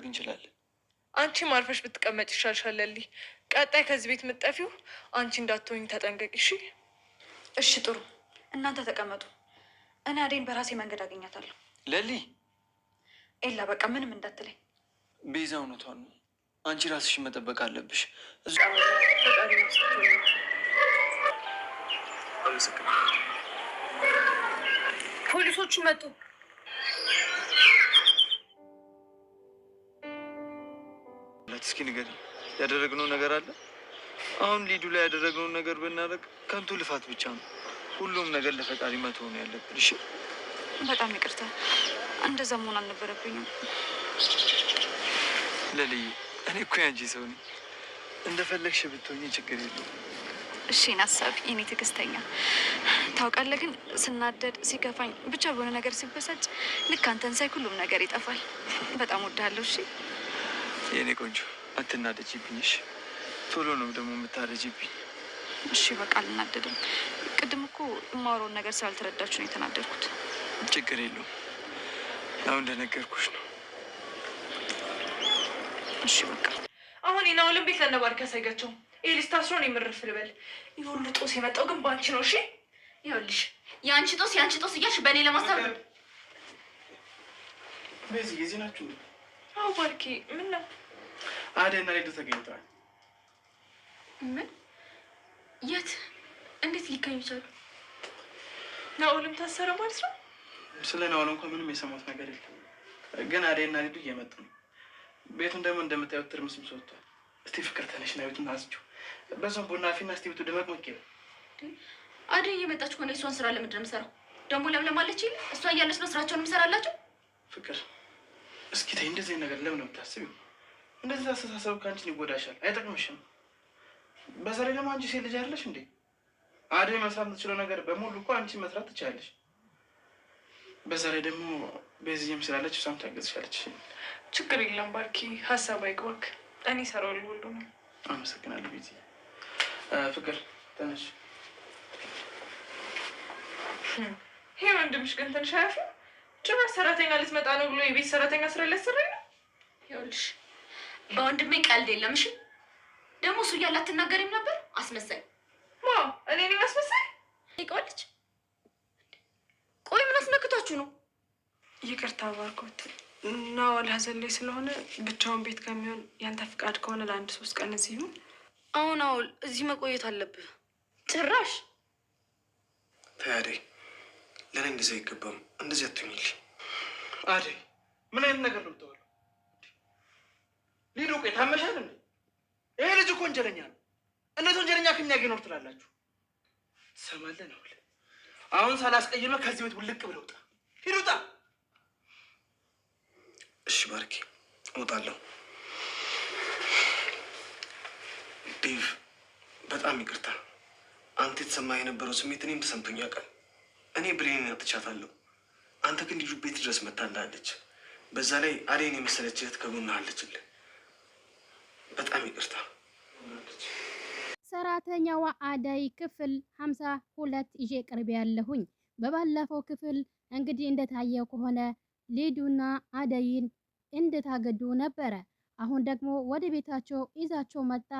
ማድረግ እንችላለን። አንቺ ማርፈሽ ብትቀመጭ ይሻልሻል። ቀጣይ ከዚህ ቤት ምጠፊው አንቺ እንዳትሆኝ ተጠንቀቂ። እሺ፣ እሺ። ጥሩ እናንተ ተቀመጡ፣ እኔ አዴን በራሴ መንገድ አገኛታለሁ። ለሊ ኤላ፣ በቃ ምንም እንዳትለኝ። ቤዛ እውነቷን ነው። አንቺ ራስሽን መጠበቅ አለብሽ። ፖሊሶቹ መጡ። ማለት እስኪ ንገሪኝ፣ ያደረግነው ነገር አለ? አሁን ሊዱ ላይ ያደረግነውን ነገር ብናደርግ ከንቱ ልፋት ብቻ ነው። ሁሉም ነገር ለፈጣሪ መተው ነው ያለብን። እሺ፣ በጣም ይቅርታ፣ እንደዛ መሆን አልነበረብኝም። ለልዩ፣ እኔ እኮ ያንቺ ሰው ነኝ። እንደፈለግሽ ብትሆኝ ችግር የለውም። እሺን ሀሳብ የኔ ትዕግስተኛ፣ ታውቃለህ፣ ግን ስናደድ፣ ሲከፋኝ፣ ብቻ በሆነ ነገር ሲበሳጭ ልክ አንተን ሳይ ሁሉም ነገር ይጠፋል። በጣም ወዳለሁ። እሺ የእኔ ቆንጆ አትናደጅብኝሽ፣ ቶሎ ነው ደግሞ የምታረጅብኝ። እሺ፣ በቃ አልናደድም። ቅድም እኮ የማወራውን ነገር ስላልተረዳችሁ ነው የተናደድኩት። ችግር የለውም። አሁን እንደነገርኩሽ ነው። እሺ፣ በቃ አሁን ናውልን ቤት ለነባርክ ያሳይጋቸው ይህ ሊስታስሮን የምርፍ ልበል። ይህ ጦስ የመጣው ግን በአንቺ ነው። እሺ፣ ይኸውልሽ የአንቺ ጦስ የአንቺ ጦስ እያልሽ በእኔ ለማሳብ በዚህ ጊዜ ናችሁ ባርኪ፣ ምን ነው አደና ሌዱ ተገኝተዋል። ምን? የት? እንዴት ሊገኙ ይቻሉ? ናኦልም ታሰረ ማለት ነው? ስለ ናኦል እንኳ ምንም የሰማሁት ነገር የለም፣ ግን አደና ሌዱ እየመጡ ነው። ቤቱን ደግሞ እንደምታዩት ትርምስምስ ወጥቷል። እስቲ ፍቅር ተነሽ ና ቤቱን አዝችው፣ በዛም ቡና ፊና እስቲ ቤቱ ድመቅ መኪ ነው። አደ እየመጣች ከሆነ የሷን ስራ ለምንድን ነው የምሰራው? ደግሞ ለምለም አለች፣ እሷ እያለች ነው ስራቸውን የምሰራላቸው ፍቅር እስኪ ተይ፣ እንደዚህ ነገር ለምን የምታስቢው? እንደዚህ አስተሳሰብ ከአንቺን ይጎዳሻል፣ አይጠቅምሽም። በዛ ላይ ደግሞ አንቺ ሴት ልጅ አለሽ እንዴ? አደይ መስራት የምትችለው ነገር በሙሉ እኮ አንቺ መስራት ትችላለሽ። በዛ ላይ ደግሞ በዚህም ስላለች እሷም ታገዝሻለች። ችግር የለም ባርኪ፣ ሀሳብ አይግባክ፣ እኔ እሰራዋለሁ ሁሉ ነው። አመሰግናለሁ ቤቲ። ፍቅር ተነሽ። ይሄ ወንድምሽ ግን ትንሽ አያፍም ጭራሽ ሰራተኛ ልትመጣ ነው ብሎ የቤት ሰራተኛ ስራ ሊያሰራ ነው። ይኸውልሽ በወንድሜ ቀልድ የለም። እሺ ደግሞ እሱ እያለ አትናገሪም ነበር? አስመሳይ ማ እኔ ነኝ አስመሳይ? ይቀዋለች። ቆይ ምን አስመክቷችሁ ነው? ይቅርታ ባርኮት እና ዋል ሀዘን ላይ ስለሆነ ብቻውን ቤት ከሚሆን ያንተ ፍቃድ ከሆነ ለአንድ ሶስት ቀን እዚህ ነው። አሁን አውል እዚህ መቆየት አለብህ ጭራሽ ታዲያ ለእኔ እንደዚህ አይገባም። እንደዚህ አትሁኝልኝ አደይ። ምን አይነት ነገር ነው የምታወራው? ሊዱ ቆይ ታመሻል እንዴ? ይሄ ልጅ እኮ ወንጀለኛ ነው። እነት ወንጀለኛ ከኛ ጋር ይኖር ትላላችሁ? ትሰማለህ ነው? አሁን ሳላስቀይመ ከዚህ ቤት ውልቅ ብለህ ውጣ። ሂድ ውጣ። እሺ ባርኪ፣ እወጣለሁ። ዴቭ፣ በጣም ይቅርታ። አንተ የተሰማ የነበረው ስሜት እኔም ተሰምቶኛል። እኔ ብሬን አጥቻታለሁ። አንተ ግን ልጁ ቤት ድረስ እንዳለች በዛ ላይ አዴን የመሰለች እህት ከጎንህ አለችልህ። በጣም ይቅርታ። ሰራተኛዋ አደይ ክፍል ሀምሳ ሁለት ይዤ ቅርብ ያለሁኝ። በባለፈው ክፍል እንግዲህ እንደታየው ከሆነ ሊዱና አደይን እንደታገዱ ነበረ። አሁን ደግሞ ወደ ቤታቸው ይዛቸው መጣ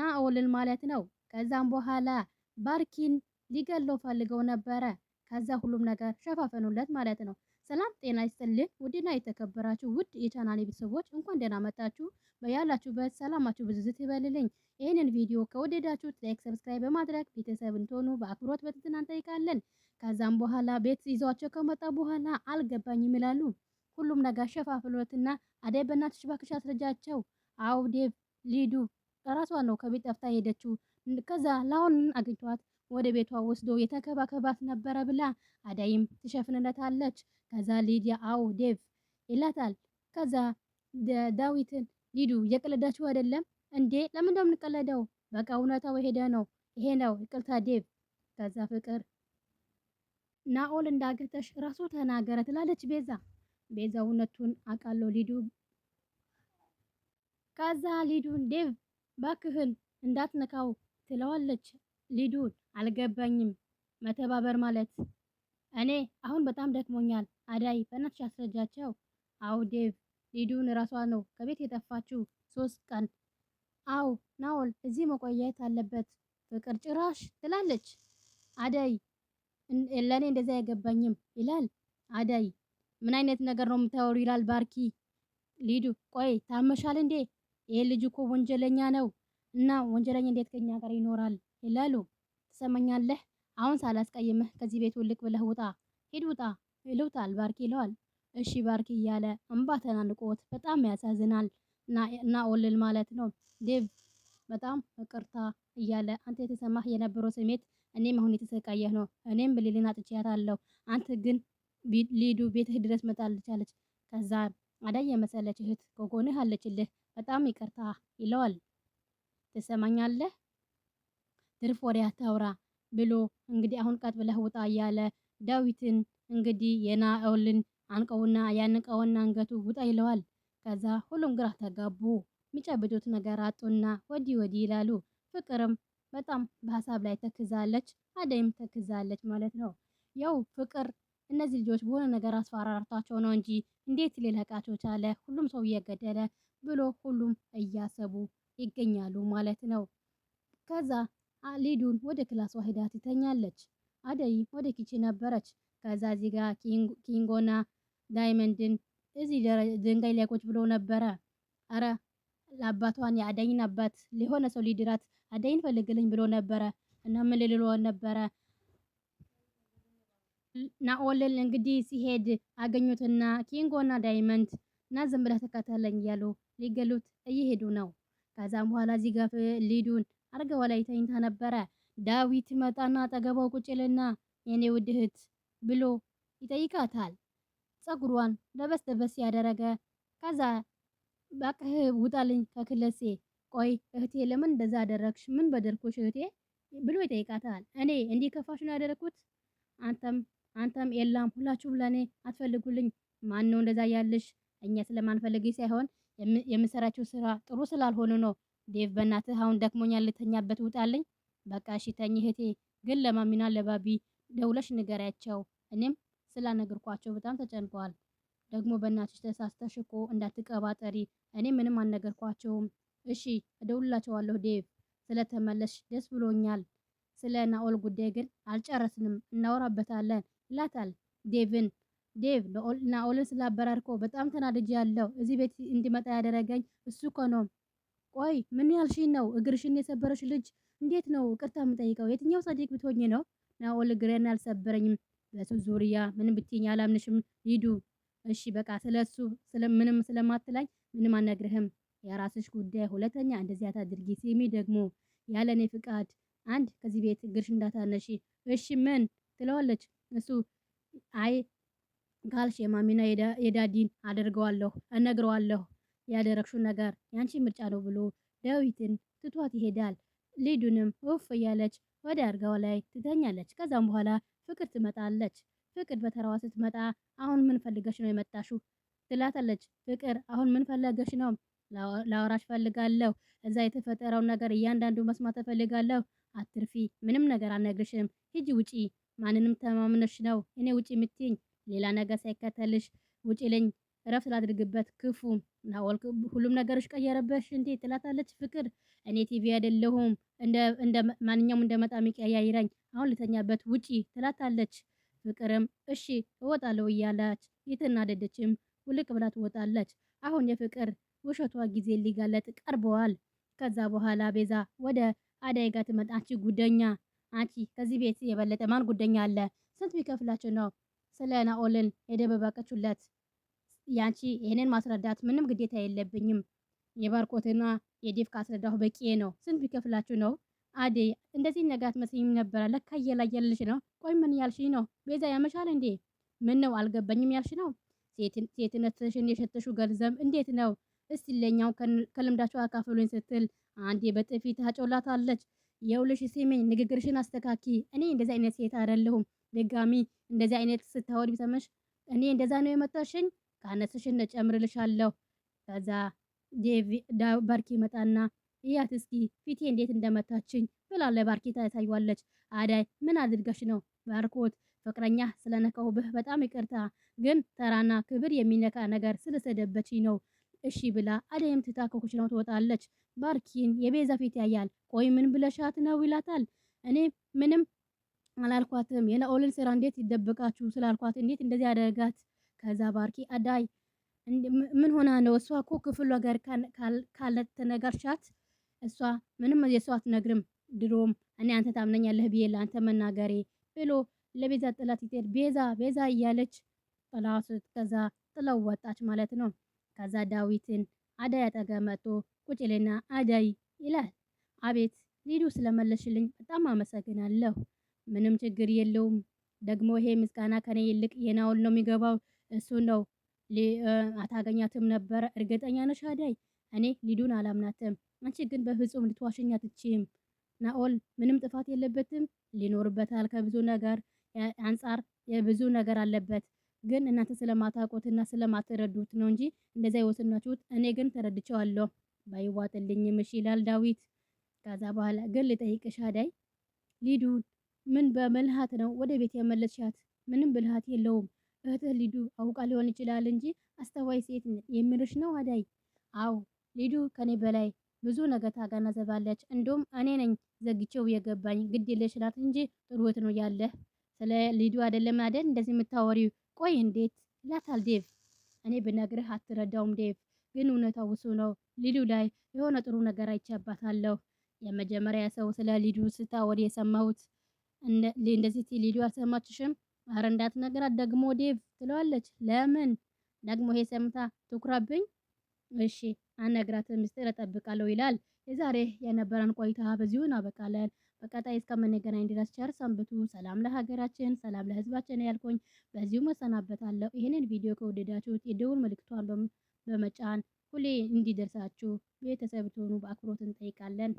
ናኦልን ማለት ነው። ከዛም በኋላ ባርኪን ሊገለው ፈልገው ነበረ። ከዛ ሁሉም ነገር ሸፋፈኑለት ማለት ነው። ሰላም ጤና ይስጥልን ውድና የተከበራችሁ ውድ የቻናሌ ቤተሰቦች እንኳን ደህና መጣችሁ። በያላችሁበት ሰላማችሁ ብዝዝት ይበልልኝ። ይህንን ቪዲዮ ከወደዳችሁት ላይክ፣ ሰብስክራይብ በማድረግ ቤተሰብ እንድትሆኑ በአክብሮት በትህትና እንጠይቃለን። ከዛም በኋላ ቤት ይዟቸው ከመጣ በኋላ አልገባኝም ይላሉ። ሁሉም ነገር ሸፋፍሎትና አደይ በእናትሽ እባክሽ አስረጃቸው። አዎ ዴቭ ሊዱ ራሷ ነው ከቤት ጠፍታ ሄደችው። ከዛ ላሁን አግኝቷት ወደ ቤቷ ወስዶ የተከባከባት ነበረ ብላ አዳይም ትሸፍንለታለች። ከዛ ሊዲያ አው ዴቭ ይላታል። ከዛ ዳዊትን ሊዱ የቀለዳችሁ አይደለም እንዴ? ለምን ደም የምንቀለደው? በቃ እውነታው ሄደ ነው ይሄ ነው፣ ይቅርታ ዴቭ። ከዛ ፍቅር ናኦል እንዳገተሽ ራሱ ተናገረ ትላለች ቤዛ። ቤዛ እውነቱን አቃሎ ሊዱ ከዛ ሊዱን ዴቭ ባክህን እንዳትነካው ትለዋለች ሊዱን አልገባኝም። መተባበር ማለት እኔ አሁን በጣም ደክሞኛል። አዳይ በእናትሽ አስረጃቸው። አው ዴቭ፣ ሊዱን ራሷ ነው ከቤት የጠፋችው ሶስት ቀን። አው ናኦል እዚህ መቆየት አለበት። ፍቅር ጭራሽ ትላለች አዳይ። ለእኔ እንደዛ አይገባኝም ይላል አዳይ። ምን አይነት ነገር ነው የምታወሩ ይላል ባርኪ። ሊዱ ቆይ ታመሻል እንዴ? ይሄ ልጅ እኮ ወንጀለኛ ነው እና ወንጀለኛ እንዴት ከኛ ጋር ይኖራል ይላሉ። ትሰማኛለህ? አሁን ሳላስቀይምህ ከዚህ ቤት ውልቅ ብለህ ውጣ፣ ሂድ ውጣ ይሉታል። ባርኪ ይለዋል። እሺ ባርኪ እያለ እንባ ተናንቆት በጣም ያሳዝናል። እና ናኦልን ማለት ነው። ዴቭ በጣም ይቅርታ እያለ አንተ የተሰማህ የነበረው ስሜት እኔም አሁን የተሰቃየህ ነው። እኔም ብሌልን አጥቼያታለሁ። አንተ ግን ሊዱ ቤትህ ድረስ መጣልቻለች። ከዛ አዳይ የመሰለች እህት ከጎንህ አለችልህ። በጣም ይቅርታ ይለዋል። ትሰማኛለህ ትርፍ ወሬ አታውራ ብሎ እንግዲህ አሁን ቀጥ ብለህ ውጣ እያለ ዳዊትን እንግዲህ የናኦልን አንቀውና ያንቀውና አንገቱ ውጣ ይለዋል። ከዛ ሁሉም ግራ ተጋቡ። የሚጨብጡት ነገር አጡና ወዲህ ወዲህ ይላሉ። ፍቅርም በጣም በሀሳብ ላይ ተክዛለች፣ አደይም ተክዛለች ማለት ነው። ያው ፍቅር እነዚህ ልጆች በሆነ ነገር አስፈራርቷቸው ነው እንጂ እንዴት ሊለቃቸው ቻለ? ሁሉም ሰው እየገደለ ብሎ ሁሉም እያሰቡ ይገኛሉ ማለት ነው። ከዛ ሊዱን ወደ ክላሷ ሄዳ ትተኛለች። አደይ ወደ ኪችን ነበረች። ከዛ እዚህ ጋር ኪንጎና ዳይመንድን እዚህ ድንጋይ ላይ ቁጭ ብሎ ነበረ። አረ አባቷን የአደይን አባት ሊሆነ ሰው ሊድራት አደይን ፈልግልኝ ብሎ ነበረ እና ምን ልሎ ነበረ ናኦልን እንግዲህ ሲሄድ አገኙትና ኪንጎና ዳይመንድ እና ዝም ብለህ ተከተለኝ እያሉ ሊገሉት እየሄዱ ነው። ከዛም በኋላ እዚህ ጋር ሊዱን አልጋዋ ላይ ተኝታ ነበረ። ዳዊት መጣና አጠገቧ ቁጭ ይልና የኔ ውድ እህት ብሎ ይጠይቃታል። ጸጉሯን ለበስ ለበስ ያደረገ ከዛ ባክህ ውጣልኝ ከክለሴ። ቆይ እህቴ ለምን እንደዛ አደረግሽ? ምን በደልኩሽ እህቴ ብሎ ይጠይቃታል። እኔ እንዲህ እንዲከፋሽ ነው ያደረኩት? አንተም አንተም የላም ሁላችሁም ለኔ አትፈልጉልኝ። ማን ነው እንደዛ ያልሽ? እኛ ስለማንፈልግ ሳይሆን የምሰራቸው ስራ ጥሩ ስላልሆኑ ነው ዴቭ በእናትህ አሁን ደክሞኛል፣ ልተኛበት ውጣልኝ። በቃ እሺ ተኝ እህቴ፣ ግን ለማሚና ለባቢ ደውለሽ ንገሪያቸው። እኔም ስላነገርኳቸው በጣም ተጨንቀዋል። ደግሞ በእናትሽ ተሳስተሽ እኮ እንዳትቀባጠሪ፣ እኔ ምንም አልነገርኳቸውም። እሺ እደውልላቸዋለሁ። ዴቭ ስለተመለስሽ ደስ ብሎኛል። ስለ ናኦል ጉዳይ ግን አልጨረስንም፣ እናወራበታለን ይላታል ዴቭን ዴቭ ናኦልን ስላበራርከው በጣም ተናድጄ ያለው እዚህ ቤት እንዲመጣ ያደረገኝ እሱ እኮ ነው። ቆይ ምን ያልሽኝ ነው? እግርሽን የሰበረሽ ልጅ እንዴት ነው ቅርታ የምጠይቀው? የትኛው ጻድቅ ብትሆኝ ነው? ናኦል እግሬን አልሰበረኝም። በሱ ዙሪያ ምንም ብትይኝ አላምንሽም። ሂዱ እሺ በቃ ስለሱ ስለምንም ስለማትላኝ ምንም አነግርህም። የራስሽ ጉዳይ። ሁለተኛ እንደዚህ አታድርጊ። ሲሚ ደግሞ ያለ እኔ ፍቃድ አንድ ከዚህ ቤት እግርሽ እንዳታነሺ። እሺ ምን ትለዋለች? እሱ አይ ካልሽ የማሚና የዳዲን አደርገዋለሁ እነግረዋለሁ ያደረግሽው ነገር ያንቺ ምርጫ ነው ብሎ ዳዊትን ትቷት ይሄዳል። ሊዱንም ውፍ እያለች ወደ አርጋው ላይ ትተኛለች። ከዛም በኋላ ፍቅር ትመጣለች። ፍቅር በተራዋ ስትመጣ አሁን ምን ፈልገሽ ነው የመጣሽው? ትላታለች። ፍቅር አሁን ምን ፈለገሽ ነው? ላወራሽ ፈልጋለሁ። እዛ የተፈጠረውን ነገር እያንዳንዱ መስማት እፈልጋለሁ። አትርፊ፣ ምንም ነገር አልነግርሽም። ሂጂ ውጪ። ማንንም ተማምነሽ ነው እኔ ውጪ የምትይኝ? ሌላ ነገር ሳይከተልሽ ውጪ ልኝ እረፍት ላድርግበት ክፉ ናወልክ ሁሉም ነገሮች ቀየረበሽ እንዴ ትላታለች ፍቅር። እኔ ቲቪ አይደለሁም እንደ እንደ ማንኛውም እንደመጣ የሚቀያይረኝ አሁን ልተኛበት ውጪ ትላታለች። ፍቅርም እሺ እወጣለሁ እያለች የተናደደችም ውልቅ ብላ ትወጣለች። አሁን የፍቅር ውሸቷ ጊዜ ሊጋለጥ ቀርበዋል። ከዛ በኋላ ቤዛ ወደ አዳይ ጋር ትመጣ። አንቺ ጉደኛ፣ አንቺ ከዚህ ቤት የበለጠ ማን ጉደኛ አለ? ስንት ቢከፍላችሁ ነው ስለ ናኦልን የደበባቀችለት ያንቺ ይሄንን ማስረዳት ምንም ግዴታ የለብኝም። የባርኮትና የዴፍ ካስረዳሁ በቂ ነው። ስንት ቢከፍላችሁ ነው? አዴ እንደዚህ ነገር አትመስይም ነበረ። ለካ እየላየልሽ ነው። ቆይ ምን ያልሽ ነው? ቤዛ ያመሻል እንዴ? ምን ነው አልገባኝም ያልሽ ነው? ሴትነትሽን የሸተሹ ገንዘብ እንዴት ነው? እስቲ ለኛው ከልምዳቸው አካፍሉኝ ስትል አንዴ በጥፊ ታጮላታለች። የውልሽ ሲሜኝ ንግግርሽን አስተካኪ። እኔ እንደዚህ አይነት ሴት አይደለሁም። ድጋሚ እንደዚህ አይነት ስታወድ ቢሰመሽ እኔ እንደዛ ነው የመጣሽኝ ካነስሽን እጨምርልሻለሁ። ከዛ ባርኪ መጣና እያት እስኪ ፊቴ እንዴት እንደመታችኝ ብላ ባርኪ ታሳይዋለች። አዳይ ምን አድርገሽ ነው? ባርኮት ፍቅረኛ ብህ በጣም ይቅርታ፣ ግን ተራና ክብር የሚነካ ነገር ስለሰደበች ነው እሺ ብላ አደይም ትታ ከኩሽናው ትወጣለች። ባርኪን የቤዛ ፊት ያያል። ቆይ ምን ብለሻት ነው ይላታል። እኔ ምንም አላልኳትም የነኦልን ስራ እንዴት ይደብቃችሁ ስላልኳት እንዴት እንደዚህ አደረጋት ከዛ ባርኪ አዳይ ምን ሆና ነው? እሷ እኮ ክፍሏ ጋር ካልተነገርሻት እሷ ምንም የሷ አትነግርም። ድሮም እኔ አንተ ታምነኛለህ ብዬ ለአንተ መናገሬ ብሎ ለቤዛ ጥላት ይሄድ ቤዛ ቤዛ እያለች ጥላት ከዛ ጥለው ወጣች ማለት ነው። ከዛ ዳዊትን አዳይ አጠገብ መጥቶ ቁጭ አዳይ ይላል። አቤት ሊዱ ስለመለሽልኝ በጣም አመሰግናለሁ። ምንም ችግር የለውም። ደግሞ ይሄ ምስጋና ከኔ ይልቅ የናውል ነው የሚገባው እሱ ነው አታገኛትም ነበረ። እርግጠኛ ነሽ አዳይ እኔ ሊዱን አላምናትም። አንቺ ግን በፍጹም ልትዋሽኝ አትችይም። ናኦል ምንም ጥፋት የለበትም፣ ሊኖርበታል ከብዙ ነገር አንጻር የብዙ ነገር አለበት። ግን እናንተ ስለማታውቁትና ስለማትረዱት ነው እንጂ እንደዛ የወሰናችሁት። እኔ ግን ተረድቼዋለሁ። ባይዋጥልኝም እሺ ይላል ዳዊት። ከዛ በኋላ ግን ልጠይቅሽ አደይ፣ ሊዱን ምን በመልሃት ነው ወደ ቤት የመለስሻት? ምንም ብልሃት የለውም እህት ሊዱ አውቃ ሊሆን ይችላል እንጂ አስተዋይ ሴት የምልሽ ነው አዳይ። አዎ ሊዱ ከኔ በላይ ብዙ ነገር ታገናዘባለች። እንዲሁም እኔ ነኝ ዘግቼው የገባኝ ግድ የለሽ ናት እንጂ ጥሩት ነው ያለህ ስለ ሊዱ አይደለም አይደል እንደዚህ የምታወሪው? ቆይ እንዴት ይላታል ዴቭ። እኔ ብነግርህ አትረዳውም ዴቭ፣ ግን እውነታው ውሱ ነው። ሊዱ ላይ የሆነ ጥሩ ነገር አይቻባታለሁ። የመጀመሪያ ሰው ስለ ሊዱ ስታወሪ የሰማሁት እንደዚህ ሊዱ አልሰማችሽም አረ እንዳትነግራት ደግሞ ዴቭ ትለዋለች። ለምን ደግሞ ይሄ ሰምታ ትኩራብኝ? እሺ አነግራትን፣ ምስጢር እጠብቃለሁ ይላል። የዛሬ የነበረን ቆይታ በዚሁ እናበቃለን። በቀጣይ እስከምንገናኝ ድረስ ቸር ሰንብቱ። ሰላም ለሀገራችን፣ ሰላም ለህዝባችን ያልኩኝ በዚሁ መሰናበታለሁ። ይህንን ቪዲዮ ከወደዳችሁት የደውል ምልክቷን በመጫን ሁሌ እንዲደርሳችሁ ቤተሰብ ትሆኑ በአክብሮት እንጠይቃለን።